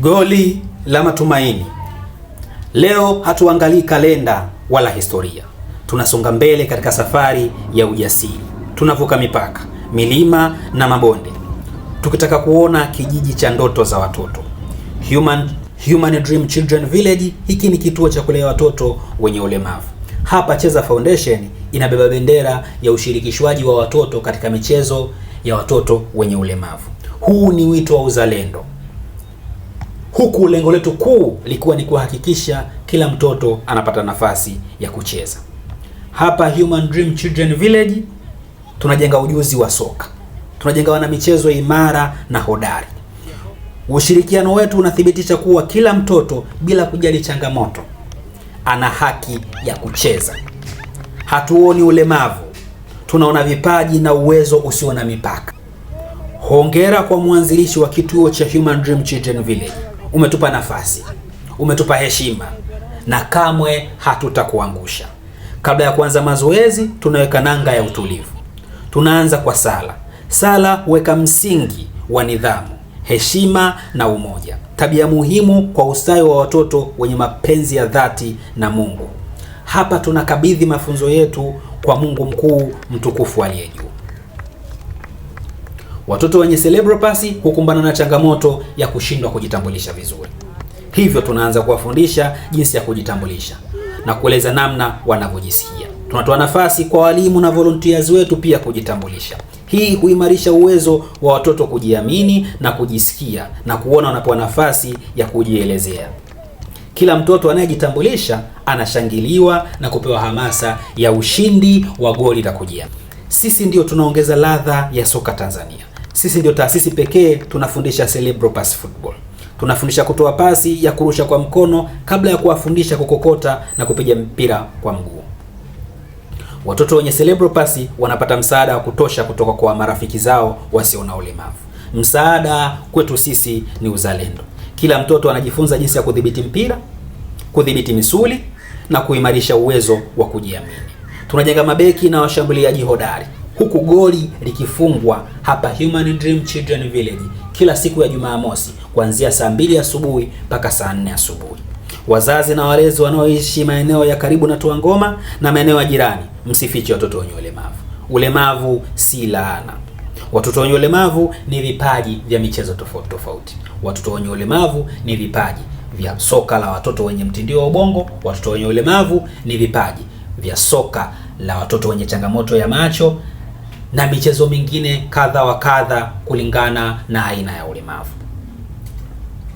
Goli la matumaini. Leo hatuangalii kalenda wala historia, tunasonga mbele katika safari ya ujasiri. Tunavuka mipaka, milima na mabonde, tukitaka kuona kijiji cha ndoto za watoto. Human, Human Dream Children Village. Hiki ni kituo cha kulea watoto wenye ulemavu. Hapa Cheza Foundation inabeba bendera ya ushirikishwaji wa watoto katika michezo ya watoto wenye ulemavu. Huu ni wito wa uzalendo huku lengo letu kuu likuwa ni kuhakikisha kila mtoto anapata nafasi ya kucheza. Hapa Human Dream Children Village tunajenga ujuzi wa soka, tunajenga wanamichezo imara na hodari. Ushirikiano wetu unathibitisha kuwa kila mtoto, bila kujali changamoto, ana haki ya kucheza. Hatuoni ulemavu, tunaona vipaji na uwezo usio na mipaka. Hongera kwa mwanzilishi wa kituo cha Human Dream Children Village umetupa nafasi, umetupa heshima na kamwe hatutakuangusha. Kabla ya kuanza mazoezi, tunaweka nanga ya utulivu. Tunaanza kwa sala. Sala huweka msingi wa nidhamu, heshima na umoja, tabia muhimu kwa ustawi wa watoto wenye mapenzi ya dhati na Mungu. Hapa tunakabidhi mafunzo yetu kwa Mungu mkuu mtukufu aliye Watoto wenye cerebral palsy hukumbana na changamoto ya kushindwa kujitambulisha vizuri, hivyo tunaanza kuwafundisha jinsi ya kujitambulisha na kueleza namna wanavyojisikia. Tunatoa nafasi kwa walimu na volunteers wetu pia kujitambulisha. Hii huimarisha uwezo wa watoto kujiamini na kujisikia na kuona wanapewa nafasi ya kujielezea. Kila mtoto anayejitambulisha anashangiliwa na kupewa hamasa ya ushindi wa goli la kujiamini. Sisi ndio tunaongeza ladha ya soka Tanzania. Sisi ndio taasisi pekee tunafundisha cerebral pass football. Tunafundisha kutoa pasi ya kurusha kwa mkono kabla ya kuwafundisha kukokota na kupiga mpira kwa mguu. Watoto wenye cerebral pass wanapata msaada wa kutosha kutoka kwa marafiki zao wasio na ulemavu. Msaada kwetu sisi ni uzalendo. Kila mtoto anajifunza jinsi ya kudhibiti mpira, kudhibiti misuli na kuimarisha uwezo wa kujiamini. Tunajenga mabeki na washambuliaji hodari huku goli likifungwa hapa Human Dream Children Village kila siku ya Jumamosi kuanzia saa mbili asubuhi mpaka saa nne asubuhi. Wazazi na walezi wanaoishi maeneo ya karibu na Tuangoma na maeneo ya jirani, msifiche watoto wenye ulemavu. Ulemavu si laana. Watoto wenye ulemavu ni vipaji vya michezo tofauti tofauti. Watoto wenye ulemavu ni vipaji vya soka la watoto wenye mtindio wa ubongo. Watoto wenye ulemavu ni vipaji vya soka la watoto wenye changamoto ya macho na michezo mingine kadha wa kadha kulingana na aina ya ulemavu.